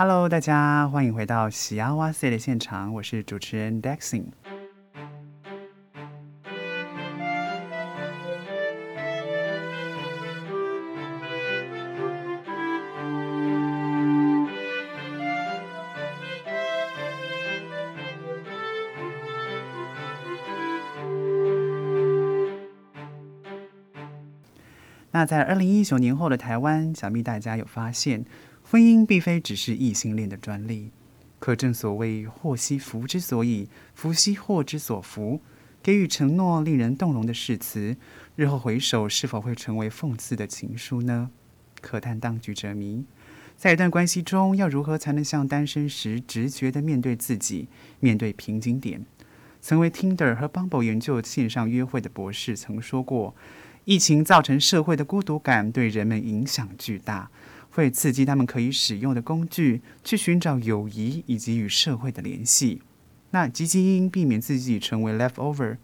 Hello，大家歡迎回到西啊灣 SAY 的現場，我是主持人 Daxing。那在二零一九年後的台灣，想必大家有發現。婚姻並非只是異性戀的專利，可正所謂禍兮福之所倚，福兮禍之所伏。給予承諾、令人動容的誓詞，日後回首是否會成為諷刺的情書呢？可嘆當局者迷。在一段關係中，要如何才能像單身時直覺的面對自己、面對瓶頸點？曾為 Tinder 和 Bumble 研究線上約會的博士曾說過，疫情造成社會的孤獨感對人們影響巨大。會刺激他們可以使用的工具去尋找友誼以及與社會的聯繫。那汲汲營營地避免自己成為 leftover。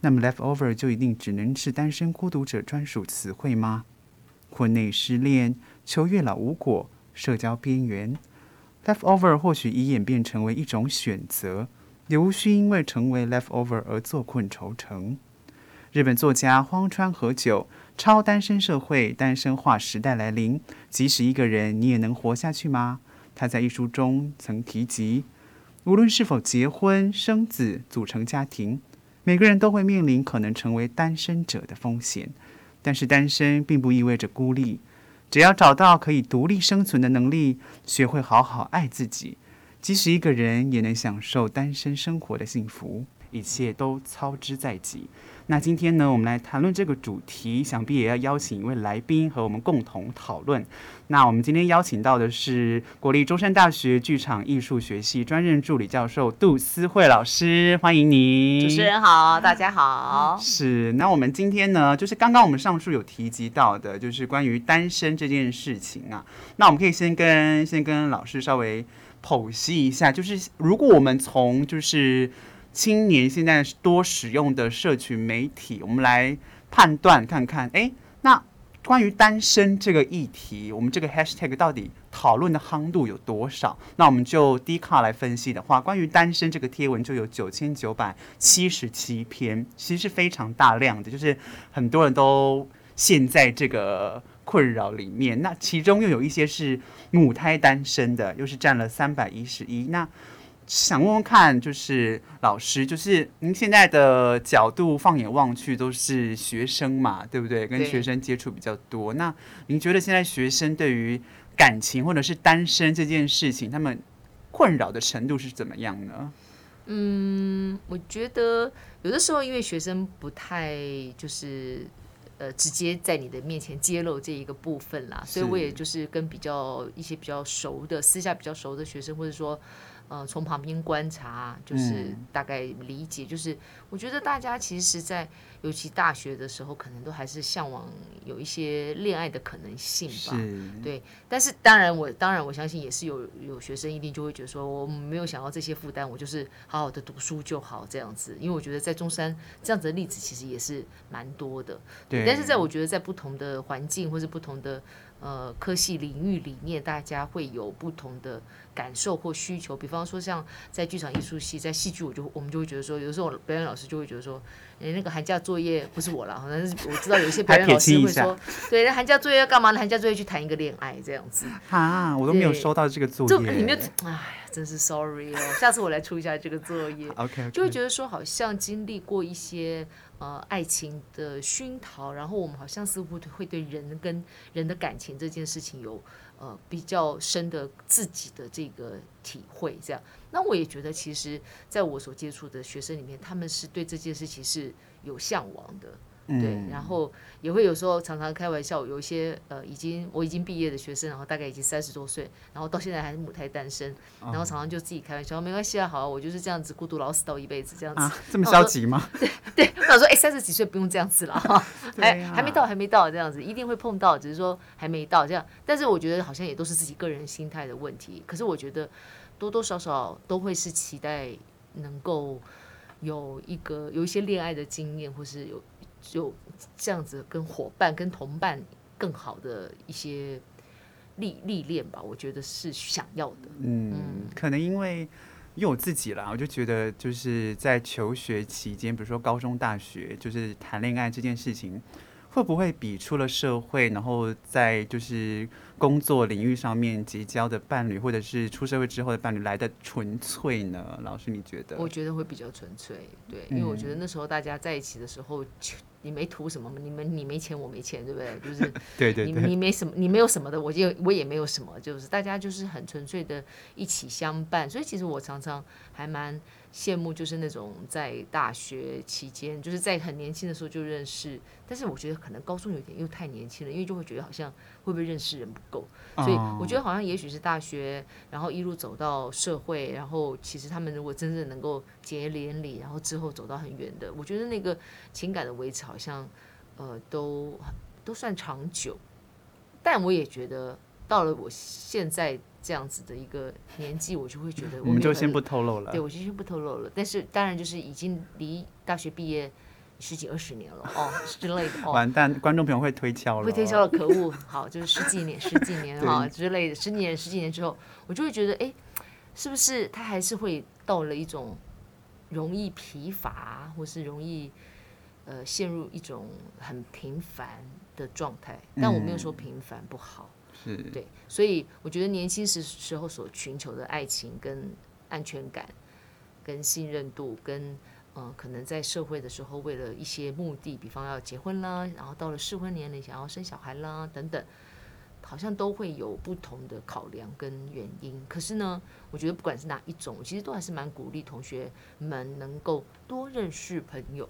那麼 leftover 就一定只能是單身孤獨者專屬詞彙嗎？婚內失戀、求月老無果、社交邊緣，leftover 或許已演變成為一種選擇，也無需因為成為 leftover 而坐困愁城。日本作家荒川和久。超單身社會、單身化時代來臨，即使一個人，你也能活下去嗎？他在一書中曾提及，無論是否結婚、生子、組成家庭，每個人都會面臨可能成為單身者的風險。但是，單身並不意味着孤立，只要找到可以獨立生存的能力，學會好好愛自己，即使一個人也能享受單身生活的幸福。一切都操之在己。那今天呢，我們來談論這個主題，想必也要邀請一位來賓和我們共同討論。那我們今天邀請到的是國立中山大學劇場藝術學系專任助理教授杜思慧老師，歡迎您。主持人好，大家好。是。那我們今天呢，就是剛剛我們上述有提及到的，就是關於單身這件事情啊。那我們可以先跟先跟老師稍微剖析一下，就是如果我們從就是。青年現在多使用的社群媒體，我們來判斷看看。哎，那關於單身這個議題，我們這個 hashtag 到底討論的夯度有多少？那我們就 Dcard 來分析的話，關於單身這個貼文就有九千九百七十七篇，其實是非常大量的，就是很多人都陷在這個困擾裡面。那其中又有一些是母胎單身的，又是佔了三百一十一。那想問問看，就是老師，就是您現在的角度放眼望去都是學生嘛，對不對？跟學生接觸比較多，對那您覺得現在學生對於感情或者是單身這件事情，他們困擾的程度是怎麼樣呢？嗯，我覺得有的時候因為學生不太就是呃，直接在你的面前揭露這一個部分啦，是所以我也就是跟比較，一些比較熟的、私下比較熟的學生，或者說。呃，從旁邊觀察，就是大概理解，就是。嗯我覺得大家其實，在尤其大學的時候，可能都還是嚮往有一些戀愛的可能性吧。對。但是，當然我當然我相信也是有有學生一定就會覺得說，我沒有想要這些負擔，我就是好好的讀書就好這樣子。因為我覺得在中山這樣子的例子其實也是蠻多的。對。但是在我覺得，在不同的環境或是不同的呃科系領域裡面，大家會有不同的感受或需求。比方說，像在劇場藝術系，在戲劇，我就我們就會覺得說，有時候表演老師。就會覺得說，哎、欸，那個寒假作業不是我了，好像是我知道有些排練老師會說，對，那寒假作業要幹嘛呢？寒假作業去談一個戀愛這樣子。啊，我都沒有收到這個作業。就你們，哎，真是 sorry 哦，下次我來出一下這個作業。 OK okay。就會覺得說，好像經歷過一些、呃、愛情的熏陶，然後我們好像似乎會對人跟人的感情這件事情有、呃、比較深的自己的這個體會，這樣。那我也覺得，其實在我所接觸的學生裡面，他們是對這件事情是有嚮往的，嗯、對。然後也會有時候常常開玩笑，有一些呃，已經我已經畢業的學生，然後大概已經三十多歲，然後到現在還是母胎單身，哦、然後常常就自己開玩笑，沒關係啊，好啊，我就是這樣子孤獨老死到一輩子這樣子。啊、這麼消極嗎？對對，我說哎，三十幾歲不用這樣子了哈，還、 啊哎、還沒到，還沒到這樣子，一定會碰到，只是說還沒到這樣。但是我覺得好像也都是自己個人心態的問題。可是我覺得。多多少少都會是期待能夠有一個，有一些戀愛的經驗，或是有有這樣子跟夥伴、跟同伴更好的一些歷歷練吧。我覺得是想要的。嗯，嗯，可能因為因為我自己啦，我就覺得就是在求學期間，比如說高中、大學，就是談戀愛這件事情，會不會比出了社會，然後在就是工作領域上面結交的伴侶，或者是出社會之後的伴侶來得純粹呢？老師，你覺得？我覺得會比較純粹，對，因為我覺得那時候大家在一起的時候，嗯、你沒圖什麼，你們你沒錢，我沒錢，對不對？就是 對，對對，你你沒什麼，你沒有什麼的，我就我也沒有什麼，就是大家就是很純粹的一起相伴，所以其實我常常還蠻羨慕就是那種在大學期間，就是在很年輕的時候就認識，但是我覺得可能高中有點又太年輕了，因為就會覺得好像會不會認識人不夠，所以我覺得好像也許是大學，然後一路走到社會，然後其實他們如果真正能夠結連理，然後之後走到很遠的，我覺得那個情感的維持好像，呃，都都算長久，但我也覺得。到了我現在這樣子的一個年紀，我就會覺得我們就先不透露了。對，我就先不透露了。但是當然就是已經離大學畢業十幾二十年了 哦之類的。完蛋，哦、觀眾朋友會推敲了。會推敲了，哦、可惡！好，就是十幾年、 十幾年哈對之類的，十幾年、十幾年之後，我就會覺得，哎，是不是他還是會到了一種容易疲乏，或是容易呃陷入一種很平凡的狀態？但我沒有說平凡不好。嗯是對，所以我覺得年輕時時候所尋求的愛情跟安全感、跟信任度、跟呃可能在社會的時候為了一些目的，比方要結婚啦，然後到了適婚年齡想要生小孩啦等等，好像都會有不同的考量跟原因。可是呢，我覺得不管是哪一種，其實都還是蠻鼓勵同學們能夠多認識朋友。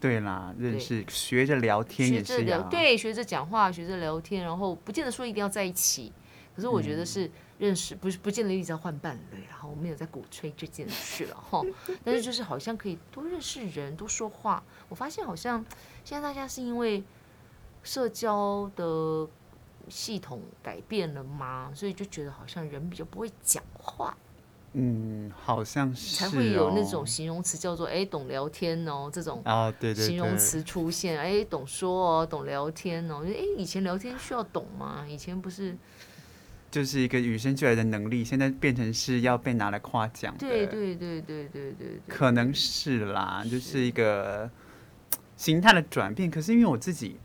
對啦，認識，對學着聊天也是、啊、學着聊，對，學着講話，學着聊天，然後不見得說一定要在一起。可是我覺得是認識，嗯、不是不見得一直在換伴侶。然後我沒有在鼓吹這件事了哈。 但是就是好像可以多認識人，多說話。我發現好像現在大家是因為社交的系統改變了嗎？所以就覺得好像人比較不會講話。嗯，好像是、哦、才會有那種形容詞叫做“哎懂聊天哦”這種對對形容詞出現，哎、啊、懂說哦，懂聊天哦，哎以前聊天需要懂嗎？以前不是，就是一個與生俱來的能力，現在變成是要被拿來誇獎。對，對對對對對對，可能是啦，就是一個形態的轉變。可是因為我自己。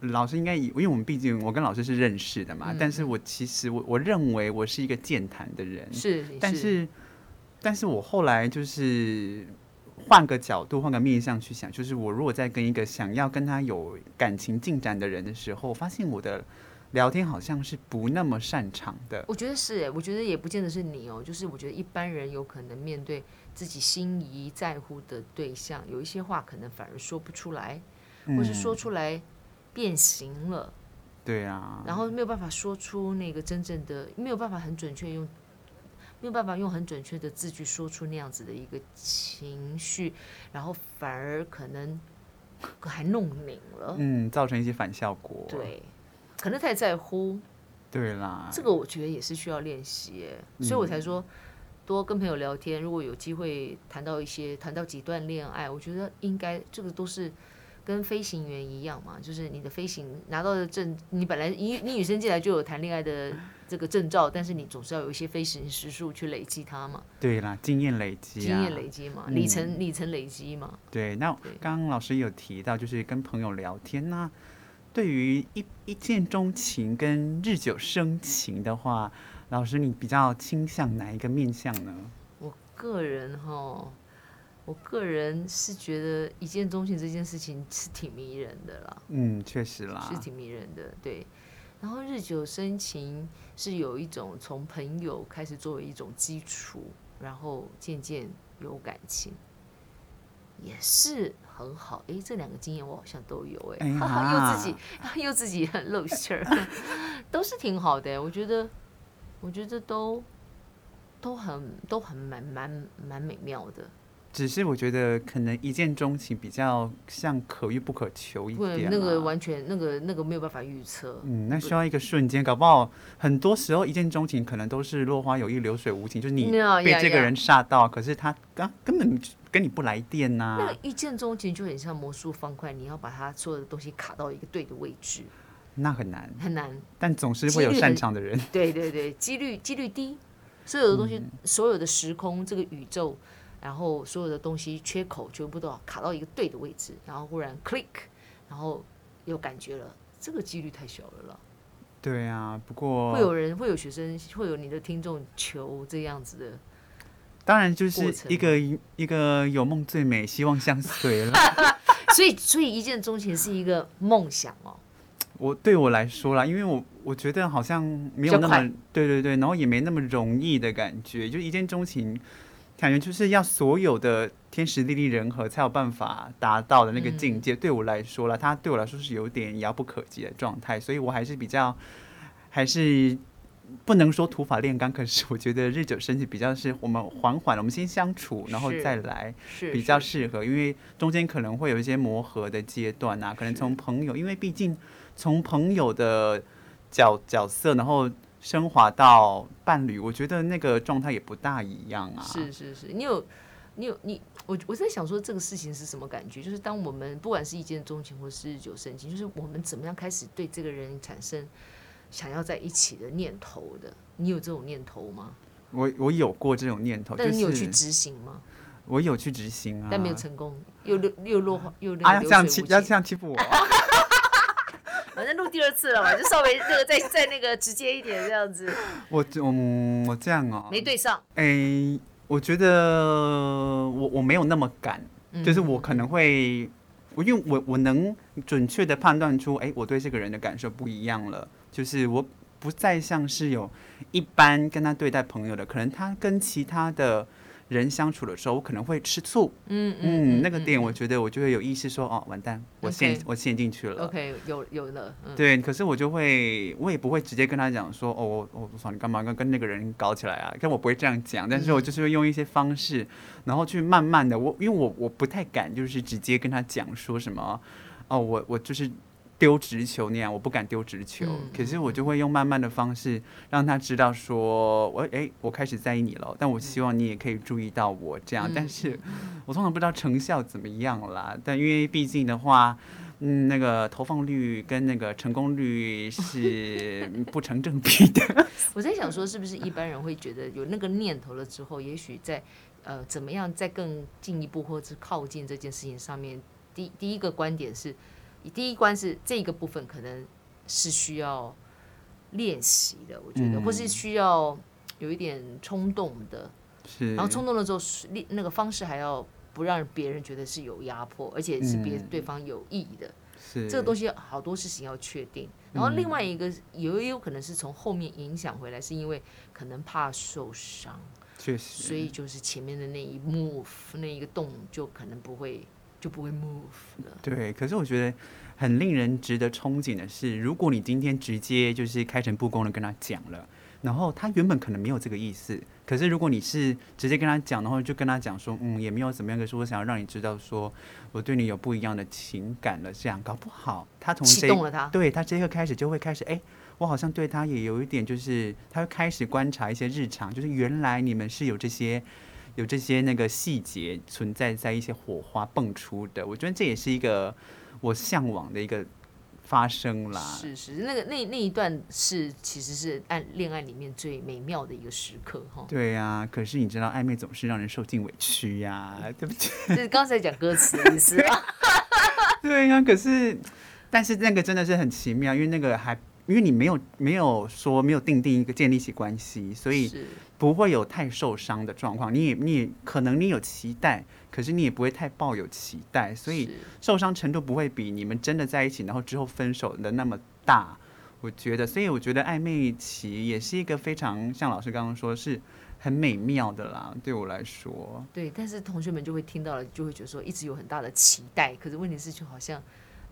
老師應該以，因為我們畢竟我跟老師是認識的嘛，嗯、但是我其實我我認為我是一個健談的人，是，是但是，但是我後來就是換個角度，換個面向去想，就是我如果在跟一個想要跟他有感情進展的人的時候，我發現我的聊天好像是不那麼擅長的。我覺得是，我覺得也不見得是你哦，就是我覺得一般人有可能面對自己心儀在乎的對象，有一些話可能反而說不出來，嗯、或是說出來。變形了，對啊。然後沒有辦法說出那個真正的，沒有辦法很準確用，沒有辦法用很準確的字句說出那樣子的一個情緒，然後反而可能還弄擰了，嗯，造成一些反效果。對，可能太在乎，對啦，這個我覺得也是需要練習，嗯。所以我才說多跟朋友聊天，如果有機會談到一些談到幾段戀愛，我覺得應該這個都是。跟飛行員一樣嘛，就是你的飛行拿到的證，你本來你你女生進來就有談戀愛的這個證照，但是你總是要有一些飛行時數去累積它嘛。對啦，經驗累積、啊，經驗累積嘛，里程里程累積嘛。對，那剛剛老師有提到，就是跟朋友聊天呢、啊，對於一一見鍾情跟日久生情的話，老師你比較傾向哪一個面向呢？我個人哈。我個人是覺得一見鍾情這件事情是挺迷人的啦。嗯，確實啦是，是挺迷人的。對，然後日久生情是有一種從朋友開始作為一種基礎，然後漸漸有感情，也是很好。哎、欸，這兩個經驗我好像都有、欸、哎呀，又自己又自己很露餡兒，都是挺好的、欸。我覺得，我覺得都都很都很蠻蠻蠻美妙的。只是我覺得可能一見鍾情比較像可遇不可求一點、啊、對，那個完全那個那個沒有辦法預測。嗯，那需要一個瞬間，對搞不好很多時候一見鍾情可能都是落花有意流水無情，就是你被這個人煞到，yeah, yeah. 可是他根、啊、根本跟你不來電吶、啊。那個一見鍾情就很像魔術方塊，你要把他所有的東西卡到一個對的位置，那很難很難。但總是會有擅長的人。對對對，幾率幾率低，所有的東西、嗯、所有的時空這個宇宙。然後所有的東西缺口全部都要卡到一個對的位置，然後忽然 click，然後有感覺了，這個幾率太小了了。對啊，不過會有人會有學生，會有你的聽眾求這樣子的。當然就是一個一個有夢最美，希望相隨了。 所以所以一見鍾情是一個夢想哦。我對我來說啦，因為我我覺得好像沒有那麼快對對對，然後也沒那麼容易的感覺，就一見鍾情。感覺就是要所有的天時地利，利人和才有辦法達到的那個境界，嗯、對我來說了，它對我來說是有點遙不可及的狀態，所以我還是比較，還是不能說土法煉鋼，可是我覺得日久生情比較是我們緩緩，我們先相處，然後再來，比較適合，因為中間可能會有一些磨合的階段吶、啊，可能從朋友，因為畢竟從朋友的角角色，然後。升華到伴侶，我覺得那個狀態也不大一樣啊。是是是，你有，你有你，我我在想說這個事情是什麼感覺，就是當我們不管是一見鍾情或是日久生情，就是我們怎麼樣開始對這個人產生想要在一起的念頭的？你有這種念頭嗎？我我有過這種念頭，但是你有去執行嗎、就是？我有去執行啊，但沒有成功，又又落後又又這樣欺，要這樣欺負我。 第二次了嘛，就稍微那個再再那個直接一點這樣子，我嗯，我這樣哦、喔，沒對上。哎、欸，我覺得我我沒有那麼敢，嗯，就是我可能會，因為我我能準確的判斷出，哎、欸，我對這個人的感受不一樣了，就是我不再像是有一般跟他對待朋友的，可能他跟其他的。人相處的時候，我可能會吃醋，嗯嗯，嗯嗯，那個點我覺得我就會有意識說，嗯、哦，完蛋，我陷我陷進去了。OK，有有了。嗯、對，可是我就會，我也不會直接跟他講說，哦，我我操，你幹嘛跟跟那個人搞起來啊？但我不會這樣講，但是我就是會用一些方式，嗯、然後去慢慢的，我因為我我不太敢就是直接跟他講說什麼，哦，我我就是。丟直球那樣，我不敢丟直球，嗯、可是我就會用慢慢的方式讓他知道說，說我哎，我開始在意你了，但我希望你也可以注意到我這樣。嗯、但是我通常不知道成效怎麼樣啦。嗯、但因為畢竟的話，嗯，那個投放率跟那個成功率是不成正比的。 我在想說，是不是一般人會覺得有那個念頭了之後，也許在呃怎麼樣，再更進一步或是靠近這件事情上面，第第一個觀點是。第一關是這個部分，可能是需要練習的，我覺得，嗯、或是需要有一點衝動的，是然後衝動的時候，那那個方式還要不讓別人覺得是有壓迫，而且是別對方有意義的。嗯、這個東西好多事情要確定。是然後另外一個也有可能是從後面影響回來，是因為可能怕受傷，確實是，所以就是前面的那一幕，那一個動就可能不會。就不會 move 了對，可是我覺得很令人值得憧憬的是，如果你今天直接就是開誠布公的跟他講了，然後他原本可能沒有這個意思，可是如果你是直接跟他講的話，然後就跟他講說，嗯，也沒有怎麼樣的說，可是我想要讓你知道說我對你有不一樣的情感了這樣，搞不好他從啟動了他，對他這個開始就會開始，哎、欸，我好像對他也有一點，就是他會開始觀察一些日常，就是原來你們是有這些。有這些那個細節存在，在一些火花蹦出的，我覺得這也是一個我嚮往的一個發生啦。是是，那個那那一段是其實是愛戀愛裡面最美妙的一個時刻哈。對呀，啊，可是你知道曖昧總是讓人受盡委屈呀，啊，對不起。是剛才講歌詞的意思嗎？ 對呀，啊，可是但是那個真的是很奇妙，因為那個還。因為你沒有沒有說沒有定定一個建立起關係，所以不會有太受傷的狀況。你也你也可能你有期待，可是你也不會太抱有期待，所以受傷程度不會比你們真的在一起，然後之後分手的那麼大。我覺得，所以我覺得曖昧期也是一個非常像老師剛剛說是很美妙的啦。對我來說，對，但是同學們就會聽到了，就會覺得說一直有很大的期待，可是問題是就好像。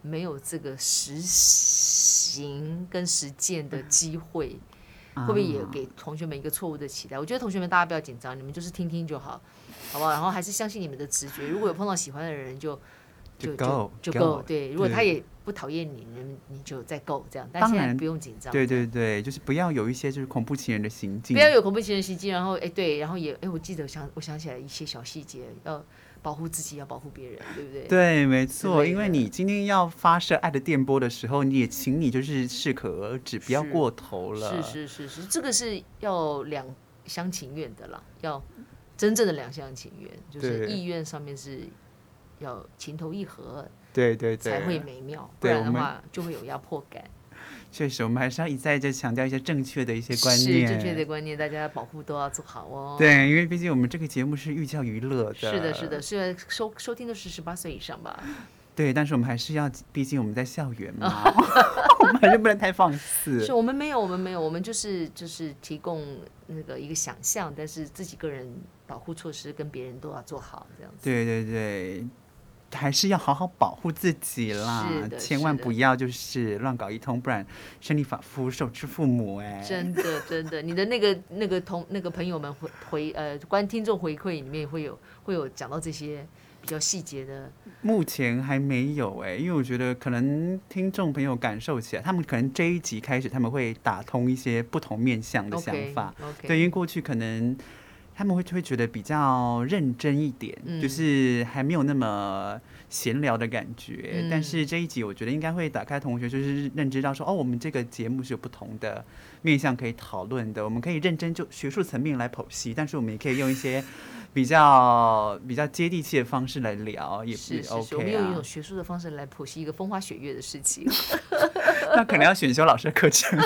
沒有這個實行跟實踐的機會，嗯，會不會也給同學們一個錯誤的期待？我覺得同學們大家不要緊張，你們就是聽聽就好，好不好？然後還是相信你們的直覺，如果有碰到喜歡的人就就就夠，就就 Go，對。如果他也不討厭你，你對你就再夠這樣，但是不用緊張。對對對，就是不要有一些就是恐怖情人的行徑，不要有恐怖情人的行徑。然後哎對，然後也哎，我記得我想我想起來一些小細節要。保護自己，要保護別人，對不對？對，沒錯。對因為你今天要發射愛的電波的時候，嗯、你也請你就是適可而止，是只不要過頭了。是是是是，這個是要兩廂情願的啦，要真正的兩廂情願，就是意願上面是要情投意合，對對，才會美妙，對對對，不然的話就會有壓迫感。確實，我們還是要一再就強調一些正確的一些觀念。是正確的觀念，大家保護都要做好哦。對，因為畢竟我們這個節目是寓教於樂的。是的，是的，雖然收收聽的是十八歲以上吧。對，但是我們還是要，畢竟我們在校園嘛， 我們還是不能太放肆。 是我們沒有，我們沒有，我們就是就是提供那個一個想象，但是自己個人保護措施跟別人都要做好，這樣子。對對對。還是要好好保護自己啦，的千萬不要就是亂搞一通，的不然身體髮膚受之父母哎、欸。真的真的，你的那個那個同那個朋友們回回呃，觀聽眾回饋裡面會有會有講到這些比較細節的。目前還沒有哎、欸，因為我覺得可能聽眾朋友感受起來，他們可能這一集開始他們會打通一些不同面向的想法，okay, okay. 對於過去可能。他們會會覺得比較認真一點，嗯、就是還沒有那麼閒聊的感覺。嗯、但是這一集我覺得應該會打開同學就是認知到說，嗯、哦，我們這個節目是有不同的面向可以討論的。我們可以認真就學術層面來剖析，但是我們也可以用一些比較 比較接地氣的方式來聊，也是，是，是 OK、啊。我們用一種學術的方式來剖析一個風花雪月的事情， 那可能要選修老師的課程。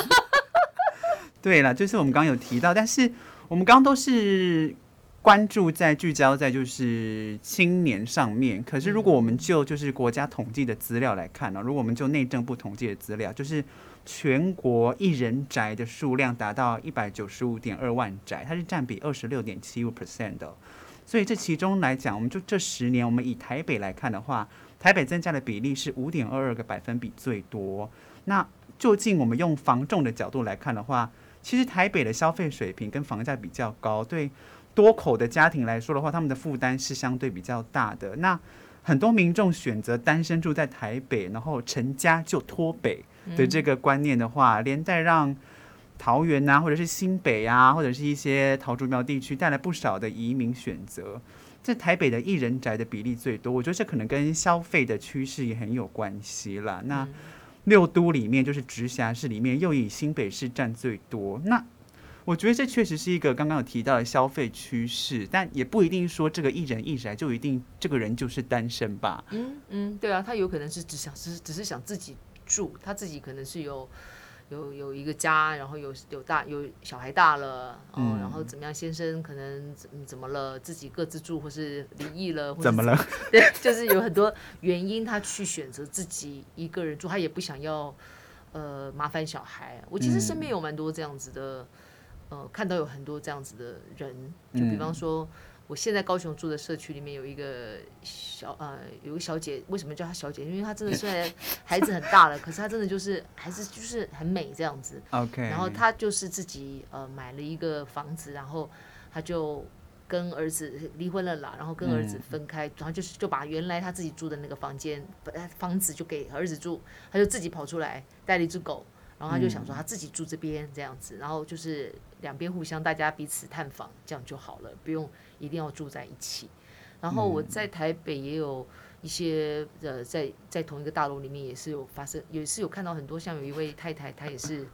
對了，就是我們剛剛有提到，但是。我們剛剛都是關注在聚焦在就是青年上面，可是如果我們就就是國家統計的資料來看呢、哦，如果我們就內政部統計的資料，就是全國一人宅的數量達到一百九十五點二萬宅，它是佔比二十六點七五 percent 的、哦，所以這其中來講，我們就這十年，我們以台北來看的話，台北增加的比例是五點二二個百分比最多。那究竟我們用房仲的角度來看的話？其實台北的消費水平跟房價比較高，對多口的家庭來說的話，他們的負擔是相對比較大的。那很多民眾選擇單身住在台北，然後成家就脫北的這個觀念的話，嗯、連帶讓桃園啊或者是新北啊，或者是一些桃竹苗地區帶來不少的移民選擇。在台北的一人宅的比例最多，我覺得這可能跟消費的趨勢也很有關係了。那、嗯六都裡面就是直轄市裡面，又以新北市佔最多。那我覺得這確實是一個剛剛有提到的消費趨勢，但也不一定說這個一人一宅就一定這個人就是單身吧。嗯嗯，對啊，他有可能是只想只只是想自己住，他自己可能是有。有有一個家，然後有有大有小孩大了，嗯哦，然後怎麼樣？先生可能、嗯、怎麼了？自己各自住，或是離異了，或是怎麼，怎麼了？對，就是有很多原因，他去選擇自己一個人住，他也不想要呃麻煩小孩。我其實身邊有蠻多這樣子的，嗯、呃，看到有很多這樣子的人，就比方說。嗯我現在高雄住的社區裡面有一個小呃，有個小姐，為什麼叫她小姐？因為她真的雖然孩子很大了， 可是她真的就是還是就是很美這樣子。Okay. 然後她就是自己呃買了一個房子，然後她就跟兒子離婚了啦，然後跟兒子分開，嗯、然後就是就把原來她自己住的那個房間，把她房子就給兒子住，她就自己跑出來，帶了一隻狗，然後她就想說她自己住這邊這樣子，嗯、然後就是。兩邊互相，大家彼此探訪，這樣就好了，不用一定要住在一起。然後我在台北也有一些，嗯、呃，在在同一個大樓裡面也是有發生，也是有看到很多，像有一位太太，她也是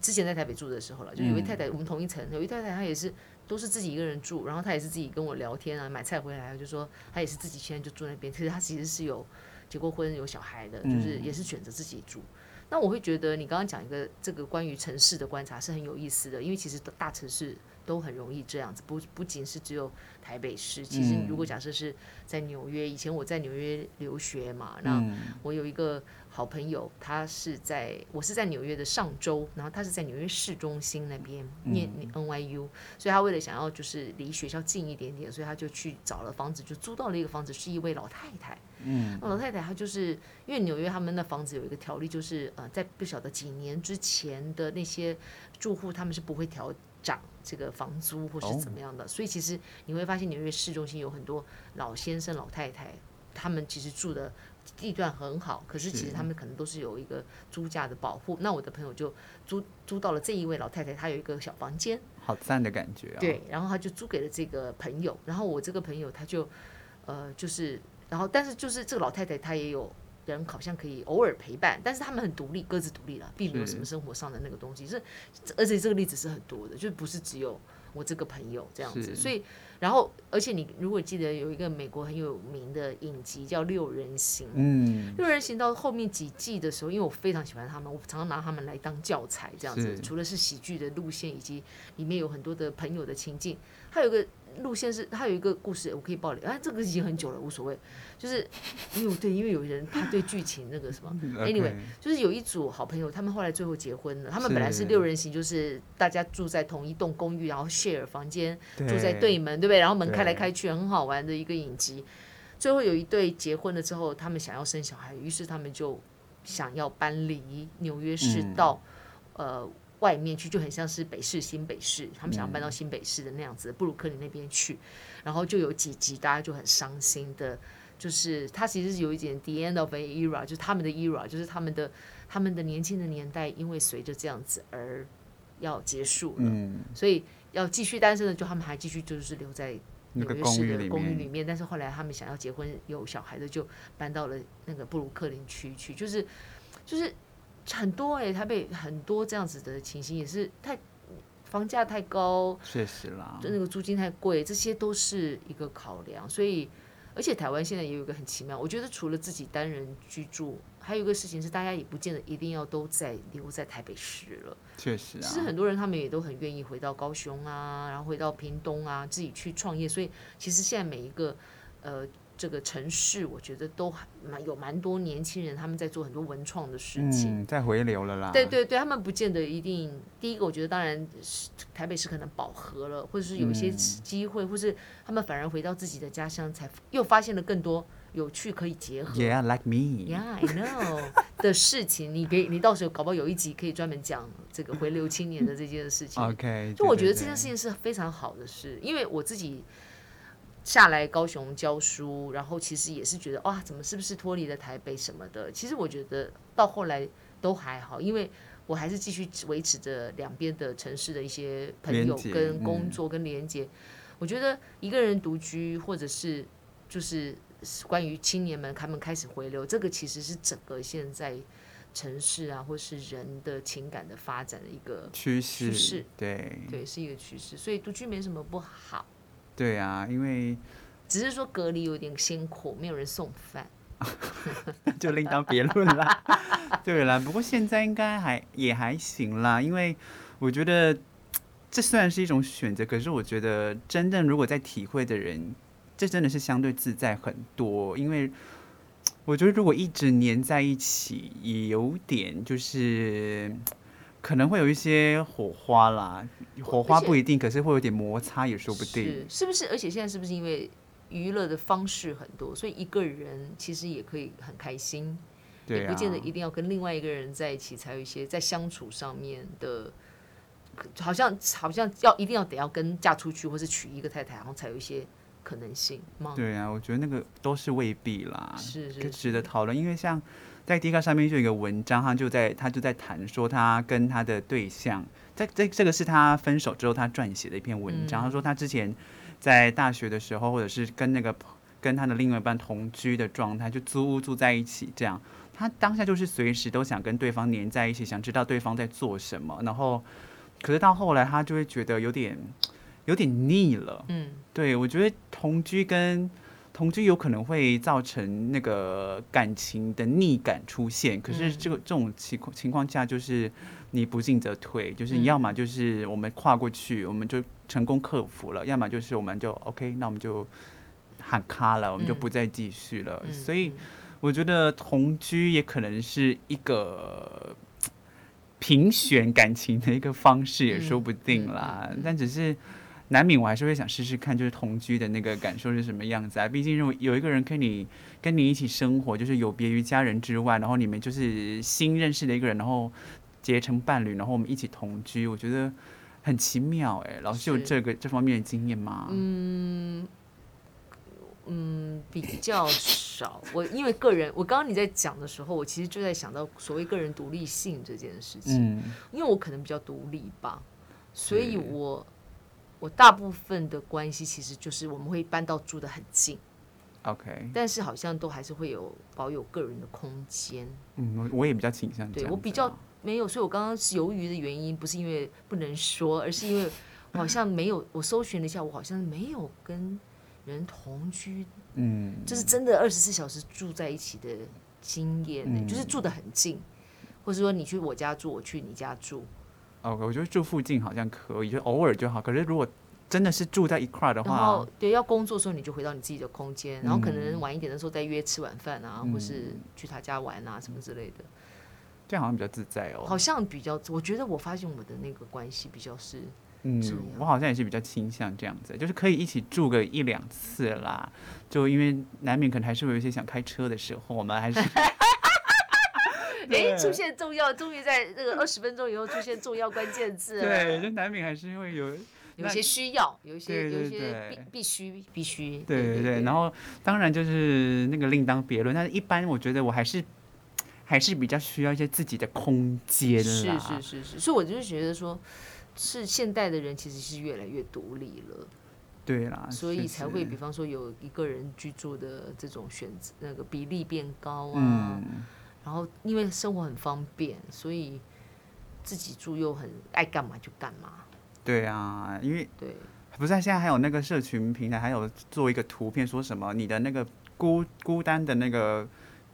之前在台北住的時候了，就有一位太太，嗯、我們同一層，有一位太太，她也是都是自己一個人住，然後她也是自己跟我聊天啊，買菜回來就說她也是自己現在就住在那邊，其實她其實是有結過婚，有小孩的，就是也是選擇自己住。嗯嗯那我會覺得你剛剛講一個這個關於城市的觀察是很有意思的，因為其實大城市都很容易這樣子，不不僅是只有台北市，其實如果假設是在紐約，以前我在紐約留學嘛，那我有一個。好朋友，他是在我是在紐約的上州，然後他是在紐約市中心那邊念 NYU，所以他為了想要就是離學校近一點點，所以他就去找了房子，就租到了一個房子，是一位老太太。嗯，老太太她就是因為紐約他們的房子有一個條例，就是呃，在不曉得幾年之前的那些住戶他們是不會調漲這個房租或是怎麼樣的，哦、所以其實你會發現紐約市中心有很多老先生老太太，他們其實住的。地段很好，可是其實他們可能都是有一個租價的保護。是那我的朋友就租租到了這一位老太太，她有一個小房間，好讚的感覺、哦。啊。對，然後他就租給了這個朋友，然後我這個朋友他就，呃，就是，然後但是就是這個老太太她也有人好像可以偶爾陪伴，但是他們很獨立，各自獨立了，並沒有什麼生活上的那個東西。嗯、是，而且這個例子是很多的，就是不是只有我這個朋友這樣子，所以。然後，而且你如果記得有一個美國很有名的影集，叫《六人行》，嗯，《六人行》到後面幾季的時候，因為我非常喜歡他們，我常常拿他們來當教材這樣子。是除了是喜劇的路線，以及裡面有很多的朋友的情境，還有一個。路線是，它有一個故事，我可以爆雷。哎、啊，這個已經很久了，無所謂。就是，哎呦，對，因為有人他對劇情那個什麼。Anyway，就是有一組好朋友，他們後來最後結婚了。他們本來是六人行，是就是大家住在同一棟公寓，然後 share 房間，對住在對門，對不對？然後門開來開去，對很好玩的一個影集。最後有一對結婚了之後，他們想要生小孩，於是他們就想要搬離紐約市到，嗯、呃。外面去，就很像是北市、新北市，他們想要搬到新北市的那樣子布魯克林那邊去，然後就有幾集大家就很傷心的，就是他其實是有一點 the end of an era，就是他們的 era，就是他們的他們的年輕的年代，因為隨着這樣子而要結束了，嗯，所以要繼續單身的就他們還繼續就是留在紐約市的公寓裡面，但是後來他們想要結婚有小孩的就，就搬到了那個布魯克林區去，就是就是。很多哎、欸，台北很多這樣子的情形，也是太房價太高，確實啦，就那個租金太貴，這些都是一個考量。所以，而且台灣現在也有一個很奇妙，我覺得除了自己單人居住，還有一個事情是，大家也不見得一定要都在留在台北市了。確實啊，其實很多人他們也都很願意回到高雄啊，然後回到屏東啊，自己去創業。所以，其實現在每一個，呃。這個城市，我覺得都蠻有蠻多年輕人，他們在做很多文創的事情。嗯，在回流了啦。對對對，他們不見得一定。第一個，我覺得當然是台北市可能飽和了，或者是有一些機會，嗯，或是他們反而回到自己的家鄉，才又發現了更多有趣可以結合。Yeah, like me. Yeah, I know 的事情。Yeah, like 你給你到時候搞不好有一集可以專門講這個回流青年的這件事情。 OK，對對對，就我覺得這件事情是非常好的事，因為我自己。下來高雄教書，然後其實也是覺得哇，怎麼是不是脫離了台北什麼的？其實我覺得到後來都還好，因為我還是繼續維持着兩邊的城市的一些朋友跟工作跟連接。連嗯、我覺得一個人獨居，或者是就是關於青年們他們開始回流，這個其實是整個現在城市啊，或是人的情感的發展的一個趨勢。趨勢，對對，是一個趨勢，所以獨居沒什麼不好。對啊，因為只是說隔離有點辛苦，沒有人送飯， 就另當別論了。 對啦，不過現在應該還也還行啦，因為我覺得這雖然是一種選擇，可是我覺得真正如果在體會的人，這真的是相對自在很多。因為我覺得如果一直黏在一起，也有點就是。可能會有一些火花啦，火花不一定，可是會有點摩擦也說不定是，是不是？而且現在是不是因為娛樂的方式很多，所以一個人其實也可以很開心，對啊、也不見得一定要跟另外一個人在一起才有一些在相處上面的，好像好像要一定要得要跟嫁出去或是娶一個太太，然後才有一些可能性嗎？對啊，我覺得那個都是未必啦，是是,是,是值得討論，因為像。在 Dcard 上面就有一個文章，他就在他就在談說他跟他的對象，這這這個是他分手之後他撰寫的一篇文章。嗯，他說他之前在大學的時候，或者是跟那個跟他的另外一半同居的狀態，就租屋住在一起這樣。他當下就是隨時都想跟對方黏在一起，想知道對方在做什麼。然後，可是到後來他就會覺得有點有點膩了。嗯，對我覺得同居跟。同居有可能會造成那個感情的逆感出現，可是這個這種情情況下就是你不進則退，就是你要麼就是我們跨過去，我們就成功克服了，要麼就是我們就 OK，那我們就喊卡了，我們就不再繼續了。嗯嗯、所以我覺得同居也可能是一個評選感情的一個方式，也說不定啦。嗯嗯嗯、但只是。難免我還是會想試試看，就是同居的那個感受是什麼樣子啊？畢竟認為有一個人跟你跟你一起生活，就是有別於家人之外，然後你們就是新認識的一個人，然後結成伴侶，然後我們一起同居，我覺得很奇妙哎、欸。老師有這個這方面的經驗嗎？嗯嗯，比較少。 我因為個人，我剛剛你在講的時候，我其實就在想到所謂個人獨立性這件事情。嗯、因為我可能比較獨立吧，所以我。我大部分的關係其實就是我們會搬到住得很近，OK，但是好像都還是會有保有個人的空間。嗯，我也比較傾向。對，我比較沒有，所以我剛剛是猶豫的原因，不是因為不能說，而是因為我好像沒有。 我搜尋了一下，我好像沒有跟人同居，嗯，就是真的二十四小時住在一起的經驗欸，嗯，就是住得很近，或者說你去我家住，我去你家住。哦，okay, 我覺得住附近好像可以，就偶爾就好。可是如果真的是住在一塊的話，對，要工作的時候你就回到你自己的空間，嗯、然後可能晚一點的時候再約吃晚飯啊，嗯、或是去他家玩啊什麼之類的，這樣好像比較自在哦。好像比較，我覺得我發現我的那個關係比較是，嗯，我好像也是比較傾向這樣子，就是可以一起住個一兩次啦，就因為難免可能還是會有些想開車的時候嘛，我們還是。 哎對、欸，出現重要，終於在那個二十分鐘以後出現重要關鍵字了。 對，就難免還是因為有有一些需要，有一些有些必必須必須。對對對。對對對，然後當然就是那個另當別論，但是一般我覺得我還是還是比較需要一些自己的空間。是是是是。所以我就覺得說，是現代的人其實是越來越獨立了。對啦。是是所以才會，比方說有一個人居住的這種選擇那個比例變高啊。嗯然後因為生活很方便，所以自己住又很愛幹嘛就幹嘛。對啊，因為對，不是現在還有那個社群平台，還有做一個圖片，說什麼你的那個孤孤單的那個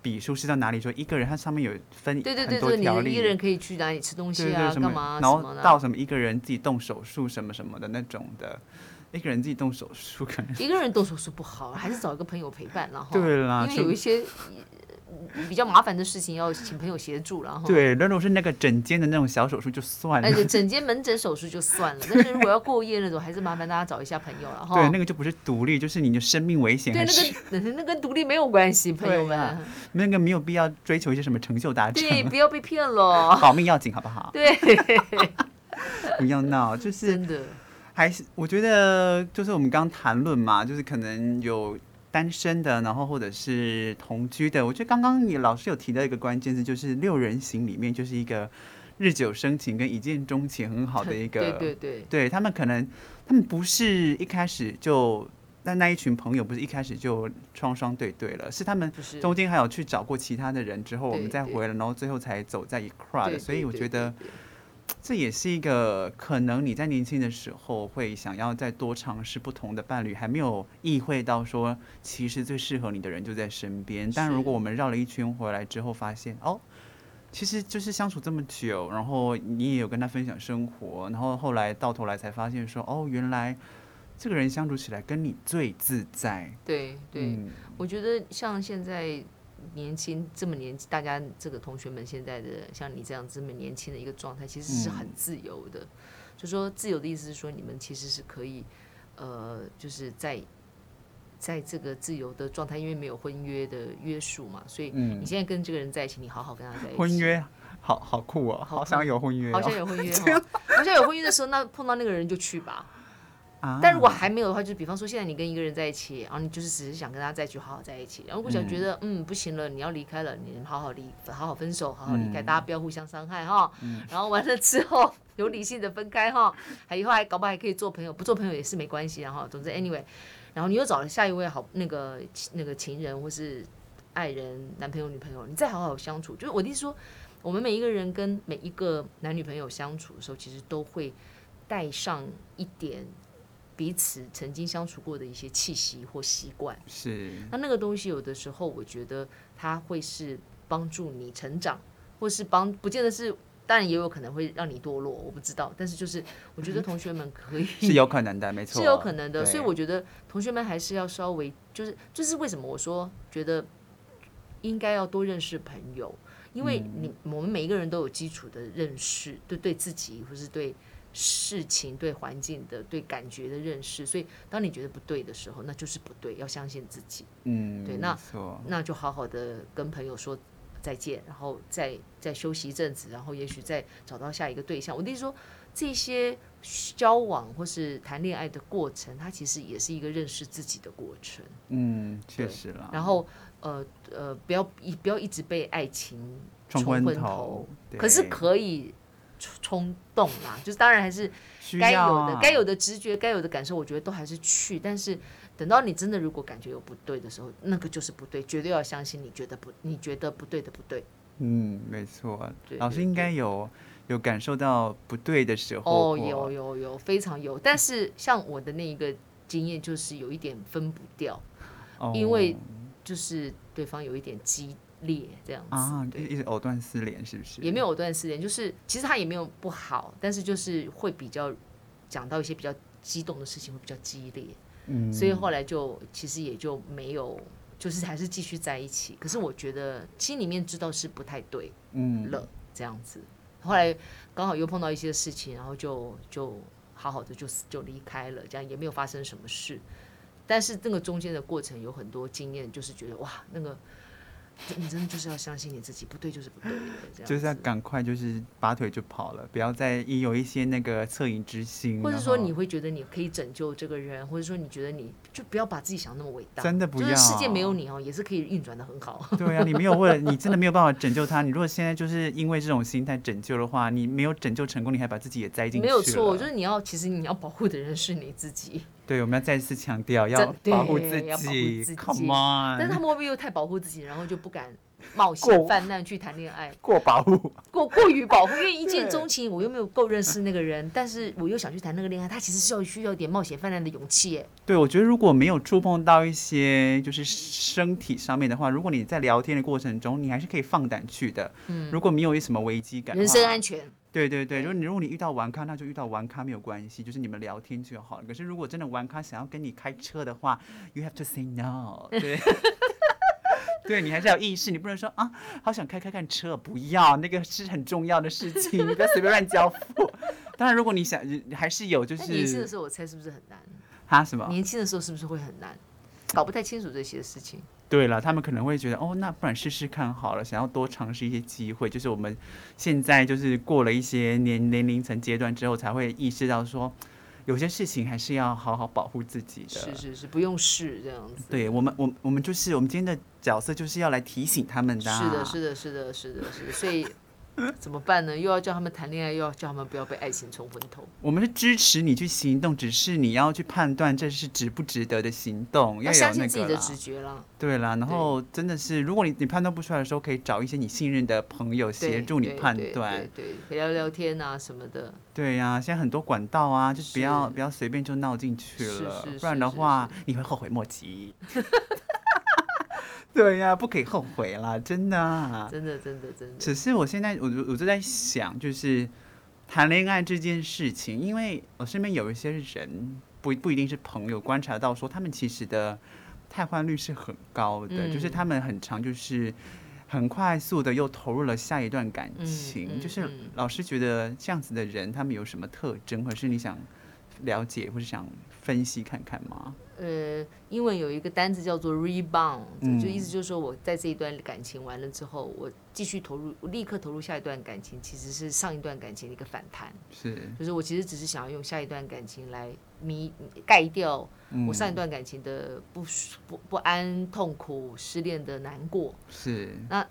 筆數是在哪裡？說一個人，他上面有分對、對、對、對，多條例你一個人可以去哪裡吃東西啊，對對對什麼幹嘛？然後到什麼一個人自己動手術什麼什麼的那種的，一個人自己動手術可能一個人動手術不好，還是找一個朋友陪伴，然後 對啦，因為有一些。 比較麻煩的事情要請朋友協助，然後對，那呵如果是那個診間的那種小手術就算了。診間門診手術就算了，對但是如果要過夜那種，還是麻煩大家找一下朋友然後對呵、那個，那個就不是獨立，就是你的生命危險。對，那個那跟獨立沒有關係，對朋友們。那個沒有必要追求一些什麼成就達成，對，不要被騙了，啊，保命要緊，好不好？對， 不要鬧，就是，真的還是我覺得就是我們剛談論嘛，就是可能有。單身的，然後或者是同居的，我覺得剛剛你老師有提到一個關鍵字，就是六人行裡面就是一個日久生情跟一見鍾情很好的一個，嗯、對對對，對他們可能，他們不是一開始就那，那一群朋友不是一開始就雙雙對對了，是他們中間還有去找過其他的人之後，我們再回來，對對對，然後最後才走在一塊的，所以我覺得。這也是一個可能，你在年輕的時候會想要再多嘗試不同的伴侶，還沒有意會到說，其實最適合你的人就在身邊。但如果我們繞了一圈回來之後，發現是哦，其實就是相處這麼久，然後你也有跟他分享生活，然後後來到頭來才發現說，哦，原來這個人相處起來跟你最自在。對對，對嗯，我覺得像現在。年輕這麼年輕，大家這個同學們現在的像你這樣這麼年輕的一個狀態，其實是很自由的。嗯、就說自由的意思是說，你們其實是可以，呃，就是在，在這個自由的狀態，因為沒有婚約的約束嘛，所以，你現在跟這個人在一起，你好好跟他在一起。嗯、婚約，好好酷哦，好想酷有婚約、哦，好想有婚約、哦這個 哦，好想有婚約的時候， 那碰到那個人就去吧。但如果還沒有的話，就是、比方說現在你跟一個人在一起，然後你就是只是想跟他再去好好在一起。然後我想覺得嗯，嗯不行了，你要離開了，你好好離，好好分手，好好離開，嗯、大家不要互相傷害哈。嗯、然後完了之後，有理性的分開哈，還以後還搞不好還可以做朋友，不做朋友也是沒關係。然後總之 anyway，然後你又找了下一位好那個那個情人或是愛人、男朋友、女朋友，你再好好相處。就是我的意思說，我們每一個人跟每一個男女朋友相處的時候，其實都會帶上一點。彼此曾經相處過的一些氣息或習慣，是那那個東西有的時候，我覺得它會是幫助你成長，或是幫，不見得是，當然也有可能會讓你墮落，我不知道。但是就是，我覺得同學們可以 是有可能的，沒錯，是有可能的。對所以我覺得同學們還是要稍微，就是這、就是為什麼我說覺得應該要多認識朋友，因為你、嗯、我們每一個人都有基礎的認識，對對自己或是對。事情對環境的對感覺的認識，所以當你覺得不對的時候，那就是不對，要相信自己。嗯，對，那錯那就好好的跟朋友說再見，然後再再休息一陣子，然後也許再找到下一個對象。我的意思說，這些交往或是談戀愛的過程，它其實也是一個認識自己的過程。嗯，確實了。然後呃呃，呃，不要不要一直被愛情衝昏頭，頭可是可以。衝動嘛、啊，就是當然還是該有的、啊、該有的直覺、該有的感受，我覺得都還是去。但是等到你真的如果感覺有不對的時候，那個就是不對，絕對要相信你覺得不、你覺得不對的不對。嗯，沒錯，對，對，對。老師應該有，對對，有感受到不對的時候。哦，oh, 有有有，非常有。嗯、但是像我的那一個經驗，就是有一點分不掉，oh. 因為就是對方有一點激。裂這樣子，啊，一直藕斷絲連是不是？也沒有藕斷絲連，就是其實他也沒有不好，但是就是會比較講到一些比較激動的事情，會比較激烈。嗯，所以後來就其實也就沒有，就是還是繼續在一起。可是我覺得心裡面知道是不太對，嗯了這樣子。嗯、後來剛好又碰到一些事情，然後就就好好的就就離開了，這樣也沒有發生什麼事。但是那個中間的過程有很多經驗，就是覺得哇那個。你真的就是要相信你自己，不對就是不對，這樣。就是要趕快，就是拔腿就跑了，不要再有有一些那個惻隱之心，或者說你會覺得你可以拯救這個人，然後，或者說你覺得你就不要把自己想那麼偉大，真的不要。世界沒有你哦，也是可以運轉得很好。對啊，你沒有為，你真的沒有辦法拯救他。 你如果現在就是因為這種心態拯救的話，你沒有拯救成功，你還把自己也栽進去。去。沒有錯，就是你要，其實你要保護的人是你自己。對，我們要再一次強調，要保護自己。自己 Come on！但是他們會不會又太保護自己，然後就不敢冒險犯難去談戀愛。過，過保護，過過於保護，因為一見鍾情， 對我又沒有夠認識那個人，但是我又想去談那個戀愛，他其實是需，需要一點冒險犯難的勇氣。哎，對，我覺得如果沒有觸碰到一些就是身體上面的話，如果你在聊天的過程中，你還是可以放膽去的。嗯，如果沒有一什麼危機感，人身安全。對對對，如果你如果你遇到玩咖，那就遇到玩咖沒有關係，就是你們聊天就好了。可是如果真的玩咖想要跟你開車的話，you have to say no。對， 對，你還是要有意識，你不能說啊，好想開開看車，不要，那個是很重要的事情，你不要隨便亂交付。當然，如果你想還是有就是年輕的時候，我猜是不是很難？哈？什麼？年輕的時候是不是會很難，搞不太清楚這些事情？對了，他們可能會覺得哦，那不然試試看好了，想要多嘗試一些機會。就是我們現在就是過了一些年年齡層階段之後，才會意識到說，有些事情還是要好好保護自己的。是是是，不用試這樣子。對我們，我們我們就是我們今天的角色，就是要來提醒他們的啊，是的。是的是的是的是的是的，所以。 怎麼辦呢？又要叫他們談戀愛，又要叫他們不要被愛情沖昏頭。我們是支持你去行動，只是你要去判斷這是值不值得的行動。要有那個要相信自己的直覺了。對啦，然後真的是，對如果你你判斷不出來的時候，可以找一些你信任的朋友協助你判斷，對，對，對，對，對，可以聊聊天啊什麼的。對呀、啊，現在很多管道啊，就不要是不要隨便就鬧進去了，不然的話你會後悔莫及。 對呀、啊，不可以後悔了，真的啊！真的，真的，真的。只是我現在，我我就在想，就是談戀愛這件事情，因為我身邊有一些人，不不一定是朋友，觀察到說他們其實的替換率是很高的，嗯、就是他們很常，就是很快速的又投入了下一段感情。嗯嗯嗯、就是老師覺得這樣子的人，他們有什麼特徵？或者是你想。了解或是想分析看看嗎？呃，英文有一個單字叫做 rebound，嗯、就意思就是說，我在這一段感情完了之後，我繼續投入，我立刻投入下一段感情，其實是上一段感情的一個反彈。是，就是我其實只是想要用下一段感情來彌蓋掉我上一段感情的不，嗯、不不安、痛苦、失戀的難過。是，那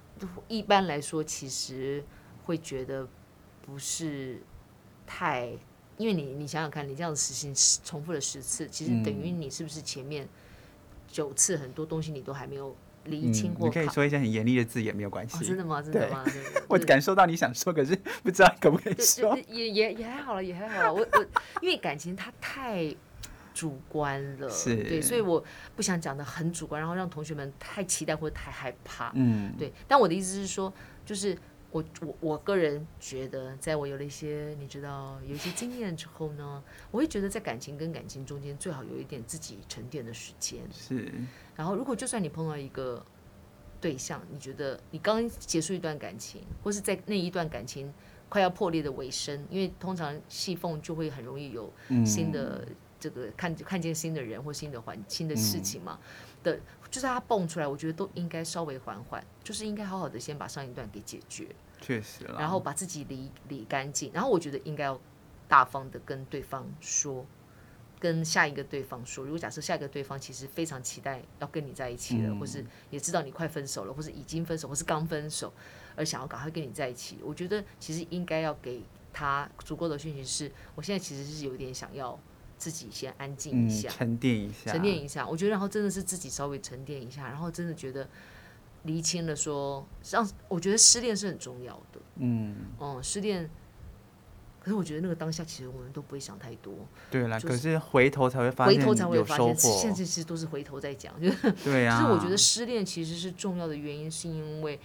一般來說其實會覺得不是太。因為你，你想想看，你這樣子實行重複了十次，其實等於你是不是前面九次很多東西你都還沒有理清過？嗯、你可以說一些很嚴厲的字也沒有關係，哦。真的嗎？真的嗎？對對我感受到你想說，可是不知道可不可以說。也也也還好了，也還好了。我我因為感情它太主觀了， 是對，所以我不想講得很主觀，然後讓同學們太期待或者太害怕。嗯，對。但我的意思是說，就是。我我我個人覺得，在我有了一些你知道有一些經驗之後呢，我會覺得在感情跟感情中間最好有一點自己沉澱的時間。是。然後，如果就算你碰到一個對象，你覺得你剛結束一段感情，或是在那一段感情快要破裂的尾聲，因為通常細縫，就會很容易有新的這個看看見新的人或新的環新的事情嘛的，就算他蹦出來，我覺得都應該稍微緩緩，就是應該好好的先把上一段給解決。確實，然後把自己理理乾淨，然後我覺得應該要大方的跟對方說，跟下一個對方說，如果假設下一個對方其實非常期待要跟你在一起了，嗯、或是也知道你快分手了，或是已經分手，或是剛分手而想要趕快跟你在一起，我覺得其實應該要給他足夠的訊息是，是我現在其實是有點想要自己先安靜一下，嗯、沉澱一下，沉澱一下，我覺得然後真的是自己稍微沉澱一下，然後真的覺得。釐清了說，說讓我覺得失戀是很重要的。嗯，哦、嗯，失戀，可是我覺得那個當下其實我們都不會想太多。對啦，就是、可是回頭才會發現，回頭才會有收穫，現在其實都是回頭再講，就是、對呀、啊。所以我覺得失戀其實是重要的原因，是因為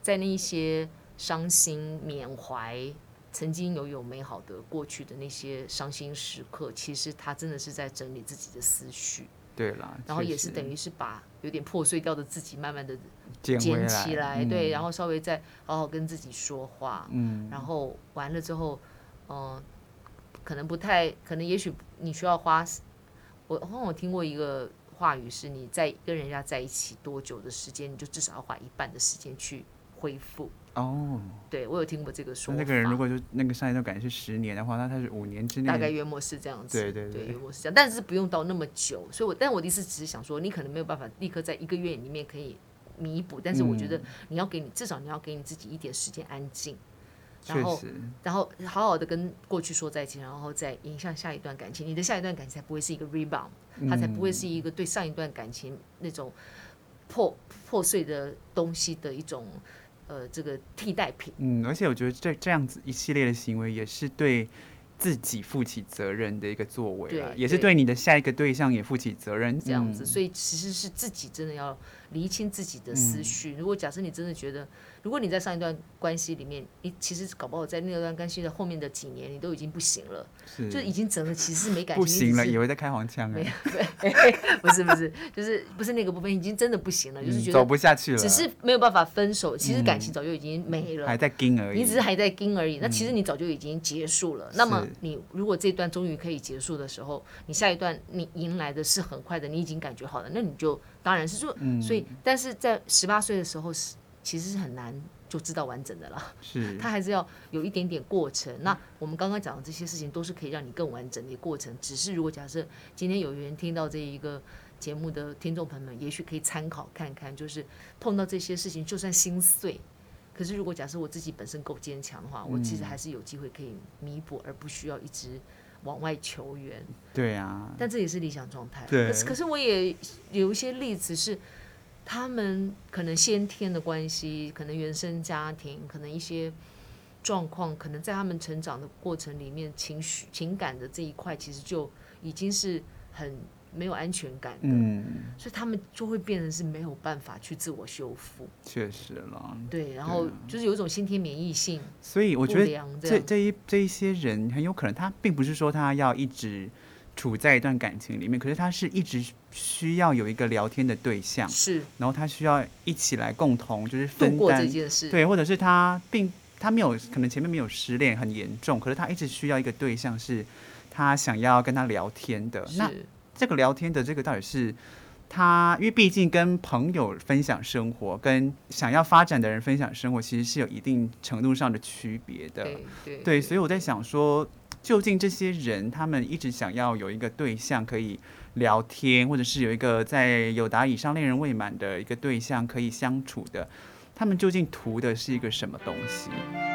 在那一些傷心緬懷曾經擁有，有美好的過去的那些傷心時刻，其實他真的是在整理自己的思緒。對了，然後也是等於是把有點破碎掉的自己慢慢的撿起來，來嗯、對，然後稍微再好好跟自己說話，嗯，然後完了之後，嗯、呃，可能不太，可能也許你需要花，我好像我聽過一個話語是，你在跟人家在一起多久的時間，你就至少要花一半的時間去恢復。哦，oh, 對我有聽過這個說法。那個人如果就那個上一段感情是十年的話，那他，他是五年之內大概約末是這樣子。對對對，約末是這樣，但是不用到那麼久。所以我，但我的意思是只是想說，你可能沒有辦法立刻在一個月裡面可以彌補，但是我覺得你要給你、嗯、至少你要給你自己一點時間安靜，確實，然後然後好好的跟過去說再見，然後再迎向下一段感情。你的下一段感情才不會是一個 rebound，嗯、它才不會是一個對上一段感情那種破破碎的東西的一種。呃，這個替代品。嗯，而且我覺得這這樣子一系列的行為也是對。自己負起責任的一個作為，也是對你的下一個對象也負起責任這樣子，所以其實是自己真的要釐清自己的思緒。如果假設你真的覺得，如果你在上一段關係裡面，你其實搞不好在那段關係的後面的幾年，你都已經不行了，就是已經真的其實是沒感情不行了，以為在開黃腔啊？沒有，不是不是，就是不是那個部分已經真的不行了，就是走不下去了，只是沒有辦法分手，其實感情早就已經沒了，還在跟而已，你只是還在跟而已，那其實你早就已經結束了，那麼。你如果這段終於可以結束的時候，你下一段你迎來的是很快的，你已經感覺好了，那你就當然是說，嗯，所以但是在十八歲的時候是其實是很難就知道完整的了，是他還是要有一點點過程。那我們剛剛講的這些事情都是可以讓你更完整的過程，只是如果假設今天有緣聽到這一個節目的聽眾朋友們，也許可以參考看看，就是碰到這些事情就算心碎。可是，如果假設我自己本身夠堅強的話，嗯、我其實還是有機會可以彌補，而不需要一直往外求援。嗯、對啊。但這也是理想狀態。對。可是，可是我也有一些例子是，他們可能先天的關係，可能原生家庭，可能一些狀況，可能在他們成長的過程裡面，情緒、情感的這一塊，其實就已經是很。沒有安全感的，嗯，所以他們就會變成是沒有辦法去自我修復。確實了，對，然後就是有一種先天免疫性，所以我覺得這這一這，這一些人很有可能，他並不是說他要一直處在一段感情裡面，可是他是一直需要有一個聊天的對象，是，然後他需要一起來共同就是分擔度過這件事，對，或者是他並他沒有可能前面沒有失戀很嚴重，可是他一直需要一個對象，是他想要跟他聊天的，是那。這個聊天的這個到底是他？因為畢竟跟朋友分享生活，跟想要發展的人分享生活，其實是有一定程度上的區別的。對，對，對，所以我在想說，究竟這些人他們一直想要有一個對象可以聊天，或者是有一個在友達以上戀人未滿的一個對象可以相處的，他們究竟圖的是一個什麼東西？